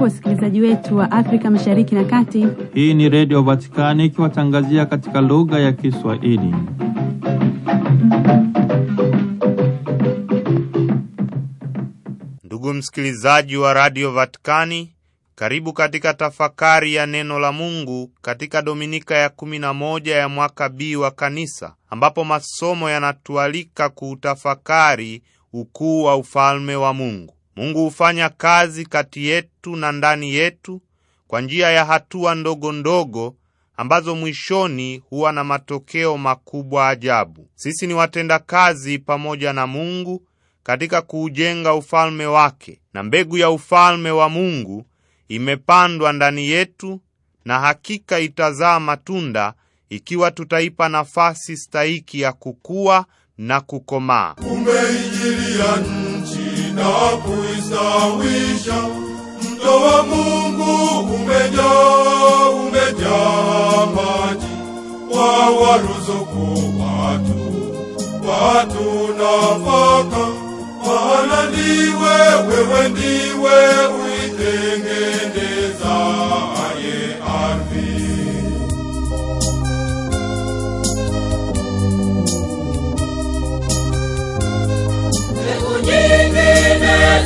Hujambo wasikilizaji wetu wa Afrika Mashariki na Kati. Hii ni Redio Vatikani ikiwatangazia katika lugha ya Kiswahili. Ndugu msikilizaji wa Radio Vatikani, karibu katika tafakari ya neno la Mungu katika Dominika ya 11 ya mwaka B wa Kanisa, ambapo masomo yanatualika kuutafakari ukuu wa ufalme wa Mungu. Mungu hufanya kazi kati yetu na ndani yetu kwa njia ya hatua ndogo ndogo ambazo mwishoni huwa na matokeo makubwa ajabu. Sisi ni watendakazi pamoja na Mungu katika kuujenga ufalme wake, na mbegu ya ufalme wa Mungu imepandwa ndani yetu na hakika itazaa matunda ikiwa tutaipa nafasi stahiki ya kukua na kukomaa. Umeinjilia inakuistawisha. Mto wa Mungu umejaa, umejaa maji, waruzuku watu, watu nafaka, maana ndiwe, wewe ndiwe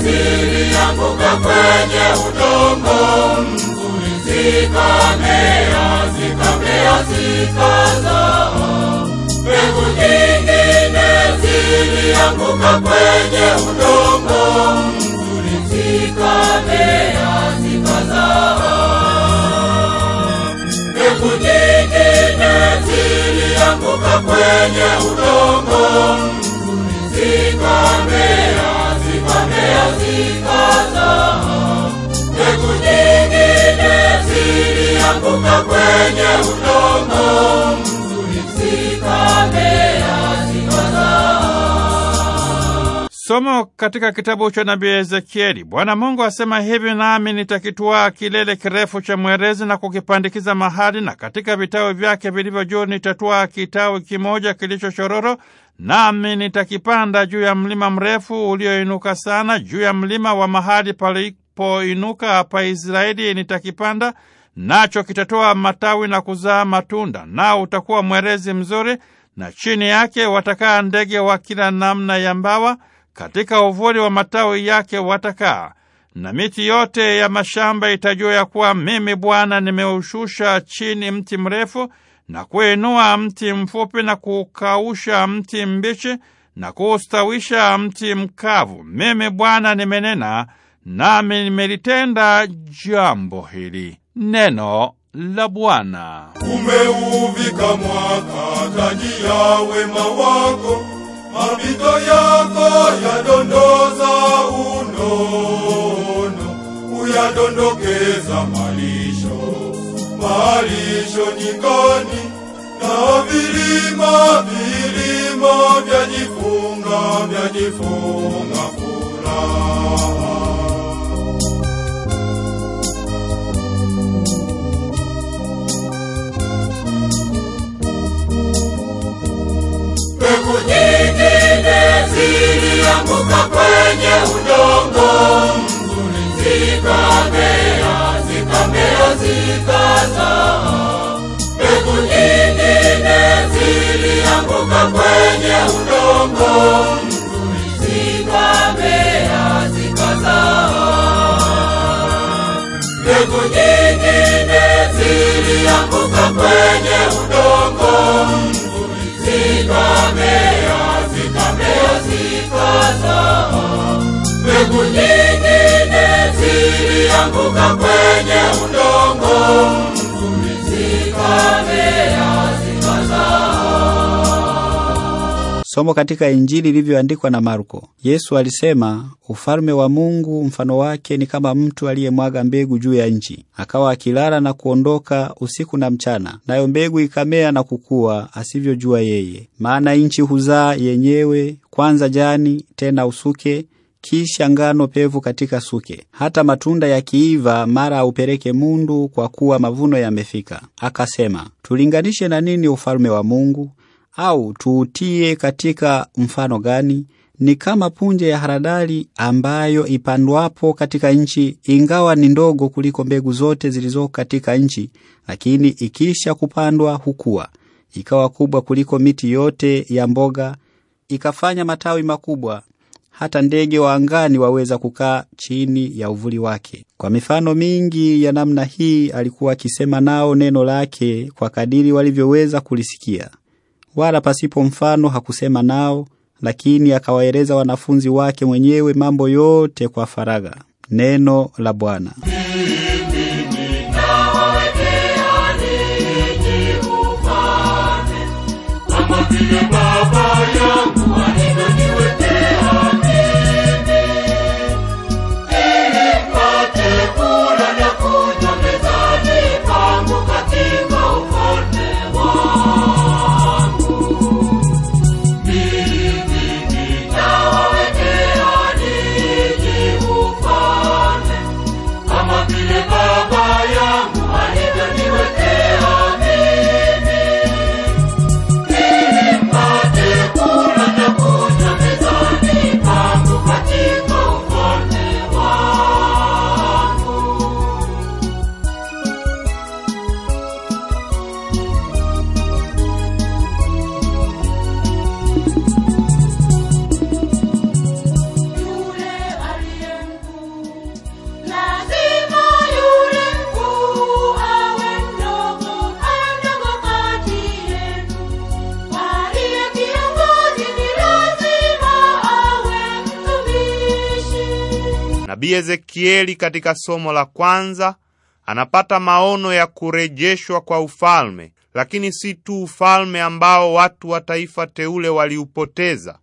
zilianguka kwenye udongo mzuri, zikamea zikamea zikazaa. Mbegu nyingine zilianguka kwenye udongo mzuri, zikamea zikazaa. Mbegu nyingine zilianguka kwenye udongo mzuri, zikamea mbegu nyingine zilianguka kwenye udongo Somo katika kitabu cha nabii Ezekieli. Bwana Mungu asema hivi, nami nitakitwaa kilele kirefu cha mwerezi na kukipandikiza mahali, na katika vitawi vyake vilivyo juu nitatwaa kitawi kimoja kilicho Nami nitakipanda juu ya mlima mrefu ulioinuka sana, juu ya mlima wa mahali palipoinuka hapa Israeli nitakipanda, nacho kitatoa matawi na kuzaa matunda, nao utakuwa mwerezi mzuri, na chini yake watakaa ndege wa kila namna ya mbawa, katika uvuli wa matawi yake watakaa na miti yote ya mashamba itajua ya kuwa mimi Bwana nimeushusha chini mti mrefu na kuenua mti mfupi na kukausha mti mbichi na kustawisha mti mkavu. Mimi Bwana nimenena, nami nimelitenda jambo hili. Neno la Bwana. Umeuvika mwaka taji ya wema wako, mapito yako yadondoza unono, uyadondokeza mali malisho nyikoni na vilima vilima vya jifunga vya jifunga nyingine zilianguka kwenye udongo zikabe zikazaha, mbegu nyingine zilianguka kwenye udongo zikamea Mbegu nyingine zilianguka kwenye udongo zikamea alianguka kwenye udongo, Somo katika Injili ilivyoandikwa na Marko. Yesu alisema, ufalme wa Mungu mfano wake ni kama mtu aliyemwaga mbegu juu ya nchi, akawa akilala na kuondoka usiku na mchana, nayo mbegu ikamea na kukua, asivyojua yeye. Maana nchi huzaa yenyewe, kwanza jani, tena usuke kisha ngano pevu katika suke, hata matunda yakiiva, mara aupeleke mundu, kwa kuwa mavuno yamefika. Akasema, tulinganishe na nini ufalume wa Mungu? Au tuutie katika mfano gani? Ni kama punje ya haradali ambayo ipandwapo katika nchi, ingawa ni ndogo kuliko mbegu zote zilizoko katika nchi, lakini ikisha kupandwa hukua, ikawa kubwa kuliko miti yote ya mboga, ikafanya matawi makubwa hata ndege wa angani waweza kukaa chini ya uvuli wake. Kwa mifano mingi ya namna hii alikuwa akisema nao neno lake kwa kadiri walivyoweza kulisikia, wala pasipo mfano hakusema nao, lakini akawaeleza wanafunzi wake mwenyewe mambo yote kwa faragha. Neno la Bwana. Nabii Ezekieli katika somo la kwanza anapata maono ya kurejeshwa kwa ufalme, lakini si tu ufalme ambao watu wa taifa teule waliupoteza,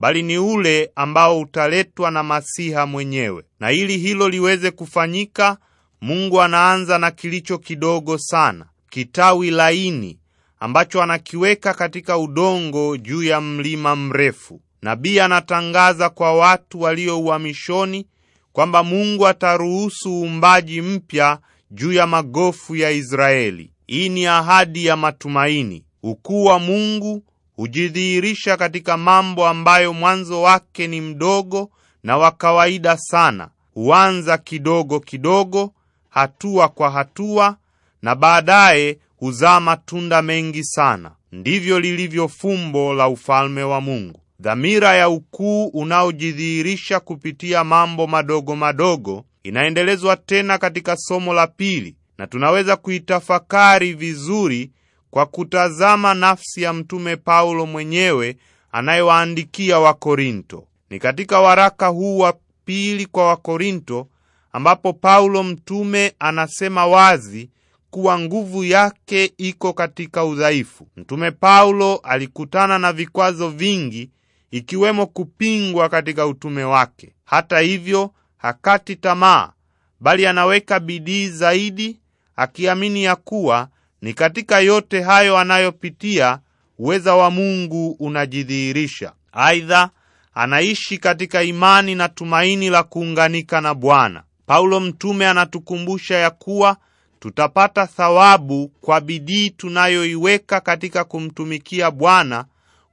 bali ni ule ambao utaletwa na Masiha mwenyewe. Na ili hilo liweze kufanyika, Mungu anaanza na kilicho kidogo sana, kitawi laini ambacho anakiweka katika udongo juu ya mlima mrefu. Nabii anatangaza kwa watu walio uhamishoni kwamba Mungu ataruhusu uumbaji mpya juu ya magofu ya Israeli. Hii ni ahadi ya matumaini. Ukuu wa Mungu hujidhihirisha katika mambo ambayo mwanzo wake ni mdogo na wa kawaida sana. Huanza kidogo kidogo, hatua kwa hatua, na baadaye huzaa matunda mengi sana. Ndivyo lilivyo fumbo la ufalme wa Mungu. Dhamira ya ukuu unaojidhihirisha kupitia mambo madogo madogo inaendelezwa tena katika somo la pili, na tunaweza kuitafakari vizuri kwa kutazama nafsi ya Mtume Paulo mwenyewe anayewaandikia Wakorinto. Ni katika waraka huu wa pili kwa Wakorinto ambapo Paulo mtume anasema wazi kuwa nguvu yake iko katika udhaifu. Mtume Paulo alikutana na vikwazo vingi ikiwemo kupingwa katika utume wake. Hata hivyo, hakati tamaa, bali anaweka bidii zaidi, akiamini ya kuwa ni katika yote hayo anayopitia uweza wa Mungu unajidhihirisha. Aidha, anaishi katika imani na tumaini la kuunganika na Bwana. Paulo mtume anatukumbusha ya kuwa tutapata thawabu kwa bidii tunayoiweka katika kumtumikia Bwana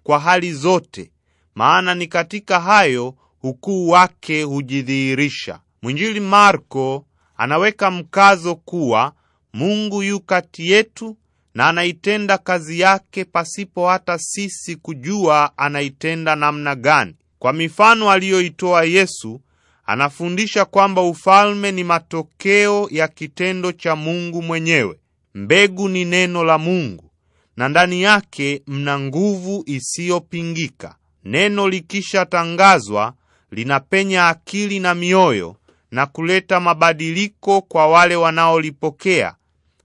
kwa hali zote, maana ni katika hayo ukuu wake hujidhihirisha. Mwinjili Marko anaweka mkazo kuwa Mungu yu kati yetu na anaitenda kazi yake pasipo hata sisi kujua anaitenda namna gani. Kwa mifano aliyoitoa Yesu, anafundisha kwamba ufalme ni matokeo ya kitendo cha Mungu mwenyewe. Mbegu ni neno la Mungu na ndani yake mna nguvu isiyopingika. Neno likishatangazwa linapenya akili na mioyo na kuleta mabadiliko kwa wale wanaolipokea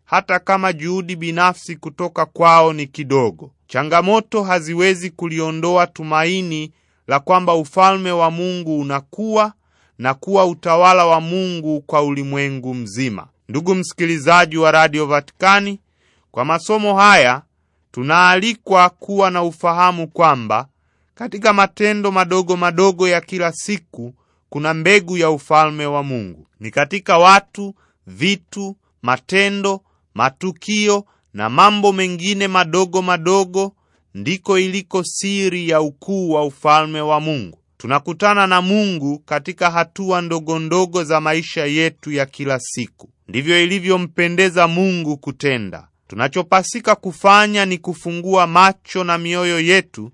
hata kama juhudi binafsi kutoka kwao ni kidogo. Changamoto haziwezi kuliondoa tumaini la kwamba ufalme wa Mungu unakuwa na kuwa utawala wa Mungu kwa ulimwengu mzima. Ndugu msikilizaji wa Radio Vatikani, kwa masomo haya tunaalikwa kuwa na ufahamu kwamba katika matendo madogo madogo ya kila siku kuna mbegu ya ufalme wa Mungu. Ni katika watu, vitu, matendo, matukio na mambo mengine madogo madogo ndiko iliko siri ya ukuu wa ufalme wa Mungu. Tunakutana na Mungu katika hatua ndogo ndogo za maisha yetu ya kila siku. Ndivyo ilivyompendeza Mungu kutenda. Tunachopasika kufanya ni kufungua macho na mioyo yetu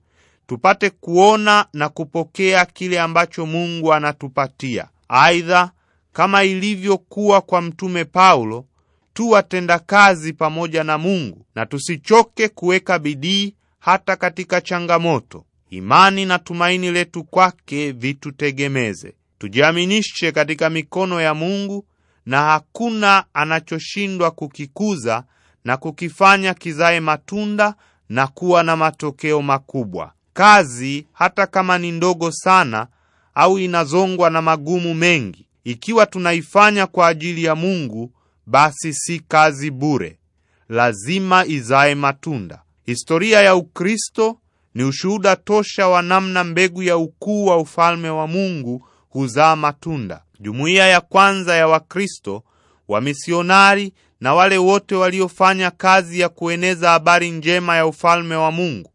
tupate kuona na kupokea kile ambacho Mungu anatupatia. Aidha, kama ilivyokuwa kwa mtume Paulo, tu watendakazi pamoja na Mungu na tusichoke kuweka bidii hata katika changamoto. Imani na tumaini letu kwake vitutegemeze. Tujiaminishe katika mikono ya Mungu na hakuna anachoshindwa kukikuza na kukifanya kizae matunda na kuwa na matokeo makubwa kazi hata kama ni ndogo sana au inazongwa na magumu mengi, ikiwa tunaifanya kwa ajili ya Mungu, basi si kazi bure, lazima izae matunda. Historia ya Ukristo ni ushuhuda tosha wa namna mbegu ya ukuu wa ufalme wa Mungu huzaa matunda. Jumuiya ya kwanza ya Wakristo, wamisionari na wale wote waliofanya kazi ya kueneza habari njema ya ufalme wa Mungu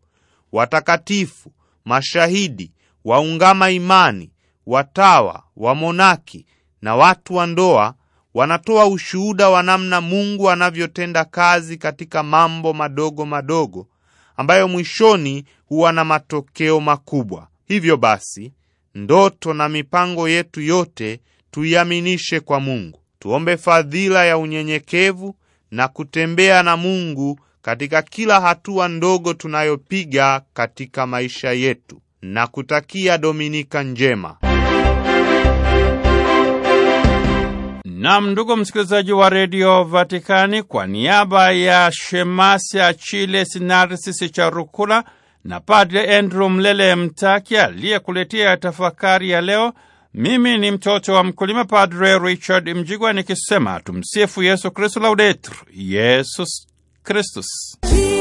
watakatifu, mashahidi, waungama imani, watawa, wamonaki na watu wa ndoa wanatoa ushuhuda wa namna Mungu anavyotenda kazi katika mambo madogo madogo ambayo mwishoni huwa na matokeo makubwa. Hivyo basi, ndoto na mipango yetu yote tuiaminishe kwa Mungu. Tuombe fadhila ya unyenyekevu na kutembea na Mungu katika kila hatua ndogo tunayopiga katika maisha yetu na kutakia Dominika njema. Nam, ndugu msikilizaji wa redio Vatikani, kwa niaba ya shemasi Achille Sinarsisi Charukula na Padre Andrew Mlele Mtaki aliyekuletea tafakari ya leo, mimi ni mtoto wa mkulima Padre Richard Mjigwa nikisema tumsifu Yesu Kristu, laudetur Yesus Cristus.